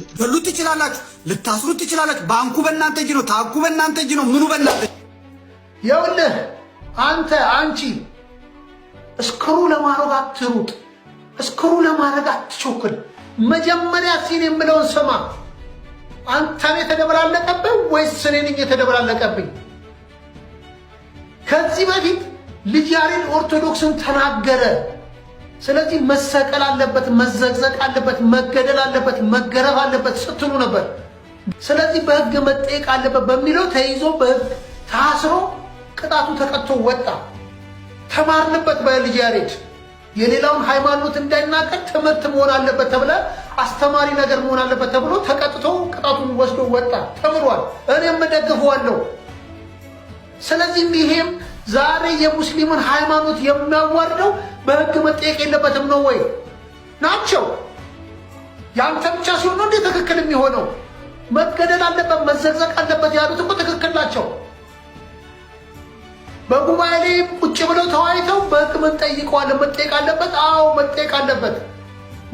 ልትገሉት ትችላላችሁ፣ ልታስሩ ትችላላችሁ። ባንኩ በእናንተ እጅ ነው፣ ታንኩ በእናንተ እጅ ነው፣ ምኑ በእናንተ ይኸውልህ። አንተ አንቺ እስክሩ ለማድረግ አትሩጥ፣ እስክሩ ለማድረግ አትቸኩል። መጀመሪያ ሲን የምለውን ስማ። አንተን የተደበላለቀብኝ ወይስ እኔ የተደበላለቀብኝ? ከዚህ በፊት ልጅ ያሬድ ኦርቶዶክስን ተናገረ። ስለዚህ መሰቀል አለበት፣ መዘግዘቅ አለበት፣ መገደል አለበት፣ መገረፍ አለበት ስትሉ ነበር። ስለዚህ በህግ መጠየቅ አለበት በሚለው ተይዞ በህግ ታስሮ ቅጣቱ ተቀጥቶ ወጣ። ተማርንበት። በልጅ ያሬድ የሌላውን ሃይማኖት እንዳይናገር ትምህርት መሆን አለበት ተብለ አስተማሪ ነገር መሆን አለበት ተብሎ ተቀጥቶ ቅጣቱን ወስዶ ወጣ። ተምሯል። እኔ የምደግፈዋለሁ። ስለዚህም ይሄም ዛሬ የሙስሊምን ሃይማኖት የሚያዋርደው በህግ መጠየቅ የለበትም ነው ወይ? ናቸው። የአንተ ብቻ ሲሆን እንዴ ትክክል የሚሆነው? መገደል አለበት መዘግዘቅ አለበት ያሉት እኮ ትክክል ናቸው። በጉባኤ ላይ ቁጭ ብለው ተወያይተው በህግ እንጠይቀዋለን መጠየቅ አለበት። አዎ መጠየቅ አለበት።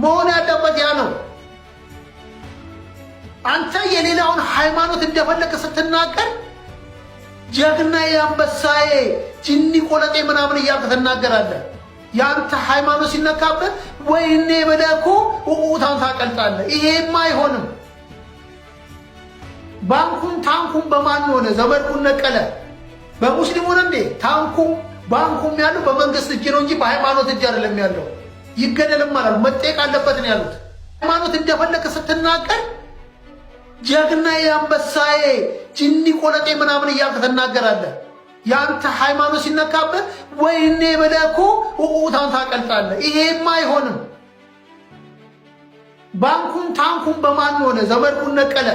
መሆን ያለበት ያ ነው። አንተ የሌላውን ሃይማኖት እንደፈለገ ስትናገር ጀግና የአንበሳዬ ጅኒ ቆለጤ ምናምን እያልክ ትናገራለህ። ያንተ ሃይማኖት ሲነካበት ወይኔ ብለህ እኮ ውዑታን ታቀልጣለህ። ይሄም አይሆንም። ባንኩን ታንኩን በማን ሆነ? ዘመድኩን ነቀለ በሙስሊም ሆነ እንዴ? ታንኩም ባንኩም ያለው በመንግስት እጅ ነው እንጂ በሃይማኖት እጅ አይደለም ያለው። ይገደልም አላሉ፣ መጠየቅ አለበት ነው ያሉት። ሃይማኖት እንደፈለግ ስትናገር ጀግና የአንበሳዬ ጅኒ ቆለጤ ምናምን እያልክ ትናገራለህ። ያንተ ሃይማኖት ሲነካብህ ወይኔ በለኮ ውዑታን ታቀልጣለህ። ይሄማ አይሆንም። ባንኩን ታንኩን በማን ሆነ? ዘመድኩን ነቀለ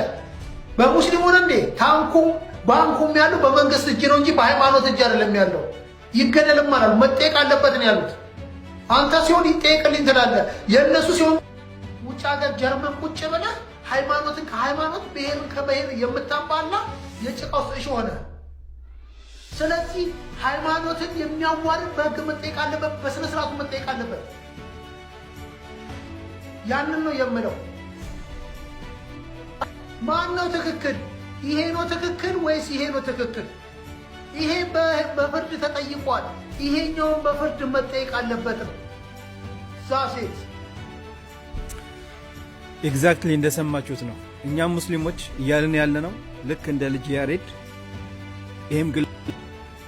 በሙስሊም ሆነ እንዴ? ታንኩም ባንኩም ያለው በመንግስት እጅ ነው እንጂ በሃይማኖት እጅ አይደለም ያለው። ይገደልም አላሉ። መጠየቅ አለበት ነው ያሉት። አንተ ሲሆን ይጠየቅልኝ ትላለህ። የእነሱ ሲሆን ውጭ ሀገር ጀርመን ቁጭ ብለህ ሃይማኖትን ከሃይማኖት ብሔርን ከብሔር የምታባላ የጭቃ ውስጥ እሺ ሆነ ስለዚህ ሃይማኖትን የሚያዋርድ በህግ መጠየቅ አለበት፣ በስነ ስርዓቱ መጠየቅ አለበት። ያንን ነው የምለው። ማን ነው ትክክል? ይሄ ነው ትክክል ወይስ ይሄ ነው ትክክል? ይሄ በፍርድ ተጠይቋል፣ ይሄኛውን በፍርድ መጠየቅ አለበት ነው ዛሴት ኤግዛክትሊ እንደሰማችሁት ነው። እኛም ሙስሊሞች እያልን ያለ ነው ልክ እንደ ልጅ ያሬድ ይህም ግል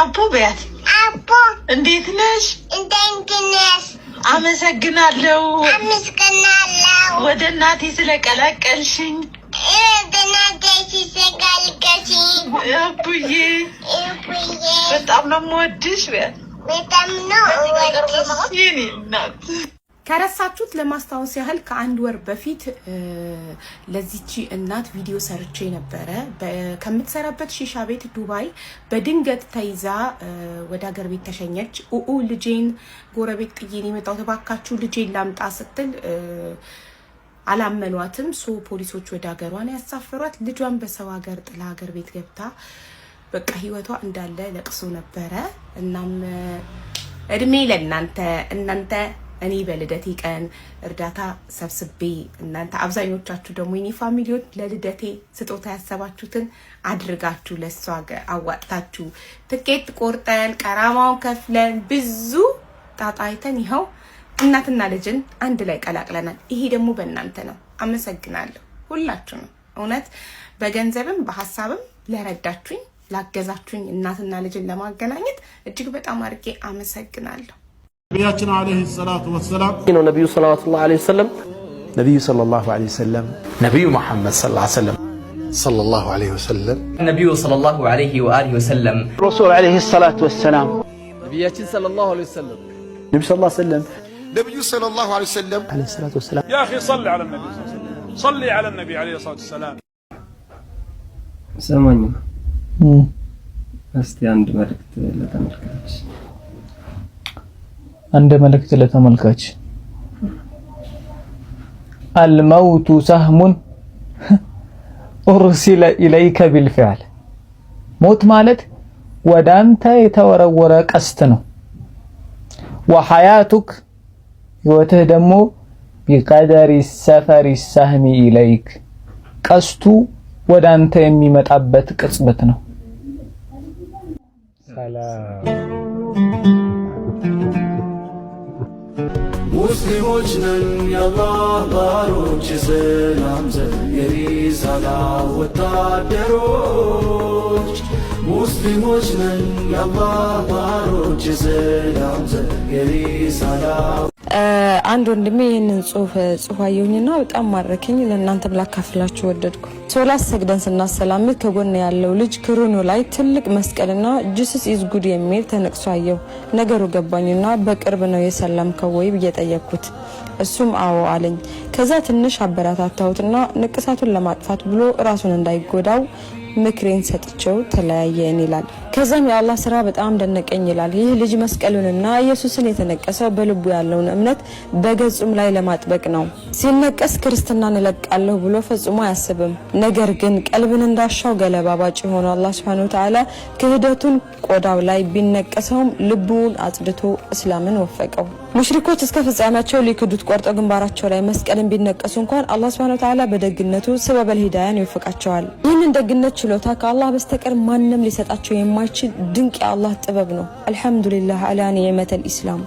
አቦ በያት። አቦ እንዴት ነሽ? እንዴት ነሽ? አመሰግናለሁ አመሰግናለሁ ወደ እናቴ ስለቀላቀልሽኝ አቡዬ በጣም ነው የምወድሽ። በጣም ነው የምወድሽ እናት ከረሳችሁት ለማስታወስ ያህል ከአንድ ወር በፊት ለዚቺ እናት ቪዲዮ ሰርቼ ነበረ። ከምትሰራበት ሺሻ ቤት ዱባይ በድንገት ተይዛ ወደ ሀገር ቤት ተሸኘች። ኡኡ ልጄን ጎረቤት ጥዬን የመጣው ተባካችሁ ልጄን ላምጣ ስትል አላመኗትም። ሶ ፖሊሶች ወደ ሀገሯን ያሳፈሯት። ልጇን በሰው ሀገር ጥላ ሀገር ቤት ገብታ በቃ ህይወቷ እንዳለ ለቅሶ ነበረ። እናም እድሜ ለእናንተ እናንተ እኔ በልደቴ ቀን እርዳታ ሰብስቤ እናንተ አብዛኞቻችሁ ደግሞ የኔ ፋሚሊዎች ለልደቴ ስጦታ ያሰባችሁትን አድርጋችሁ ለእሷ አዋጥታችሁ ትኬት ቆርጠን ቀራማውን ከፍለን ብዙ ጣጣ አይተን ይኸው እናትና ልጅን አንድ ላይ ቀላቅለናል። ይሄ ደግሞ በእናንተ ነው። አመሰግናለሁ ሁላችሁ ነው እውነት በገንዘብም በሀሳብም ለረዳችሁኝ ላገዛችሁኝ እናትና ልጅን ለማገናኘት እጅግ በጣም አድርጌ አመሰግናለሁ። نبينا عليه الصلاة والسلام نبي صلى الله عليه وسلم نبي صلى الله عليه وسلم نبي محمد صلى الله عليه وسلم صلى الله عليه وسلم النبي صلى الله عليه وآله وسلم رسول عليه الصلاة والسلام نبينا صلى الله عليه وسلم نبي صلى الله عليه وسلم نبي صلى الله عليه وسلم عليه الصلاة والسلام يا أخي صل على النبي صلى الله عليه وسلم صلي الله عليه وسلم النبي صلي الله عليه واله وسلم رسول عليه الصلاه والسلام نبي صلي الله عليه وسلم نبي صلي الله عليه وسلم نبي صلي الله عليه وسلم عليه الصلاه يا اخي صل علي النبي صلي الله عليه وسلم صلي علي النبي عليه الصلاة والسلام ثمانية أستي عند ملكت لتملكتش እንደ መልእክት ለተመልካች አልመውቱ ሰህሙን ኡርሲለ ኢለይከ ቢልፊዕል ሞት ማለት ወደ አንተ የተወረወረ ቀስት ነው። ወሐያቱክ ህይወትህ ደግሞ ቢቀደሪ ሰፈሪ ሰህሚ ኢለይክ ቀስቱ ወደ አንተ የሚመጣበት ቅጽበት ነው። ሙስሊሞች ነን የአላህ ባሮች የሰላም ዘብ ሪሳላ ወታደሮች ሙስሊሞች ነን የአላህ ባሮች የሰላም ዘብ ሪሳላ አንድ ወንድሜ ይህንን ጽሁፍ ጽሁፍ አየሁኝና በጣም ማረከኝ። ለእናንተም ላካፍላችሁ ወደድኩ። ሶላት ሰግደን ስናሰላምት ከጎን ያለው ልጅ ክሩኑ ላይ ትልቅ መስቀልና ጅስስ ኢዝ ጉድ የሚል ተነቅሶ አየሁ። ነገሩ ገባኝና በቅርብ ነው የሰላምከው ወይ ብዬ ጠየቅኩት። እሱም አዎ አለኝ። ከዛ ትንሽ አበረታታሁትና ንቅሳቱን ለማጥፋት ብሎ ራሱን እንዳይጎዳው ምክሬን ሰጥቼው ተለያየን ይላል። ከዛም የአላህ ስራ በጣም ደነቀኝ ይላል። ይህ ልጅ መስቀሉንና ኢየሱስን የተነቀሰው በልቡ ያለውን እምነት በገጹም ላይ ለማጥበቅ ነው። ሲነቀስ ክርስትናን እለቃለሁ ብሎ ፈጽሞ አያስብም። ነገር ግን ቀልብን እንዳሻው ገለባ ባጭ የሆነው አላህ ሱብሓነሁ ወተዓላ ክህደቱን ቆዳው ላይ ቢነቀሰውም ልቡን አጽድቶ እስላምን ወፈቀው። ሙሽሪኮች እስከ ፍጻሜያቸው ሊክዱት ቆርጦ ግንባራቸው ላይ መስቀልን ቢነቀሱ እንኳን አላህ ሱብሓነሁ ወተዓላ በደግነቱ ስበበል ሂዳያን ይወፍቃቸዋል። ይህንን ደግነት ችሎታ ከአላህ በስተቀር ማንም ሊሰጣቸው የማይ የዘመናችን ድንቅ የአላህ ጥበብ ነው። አልሐምዱሊላህ አላ ኒዕመተ ልኢስላም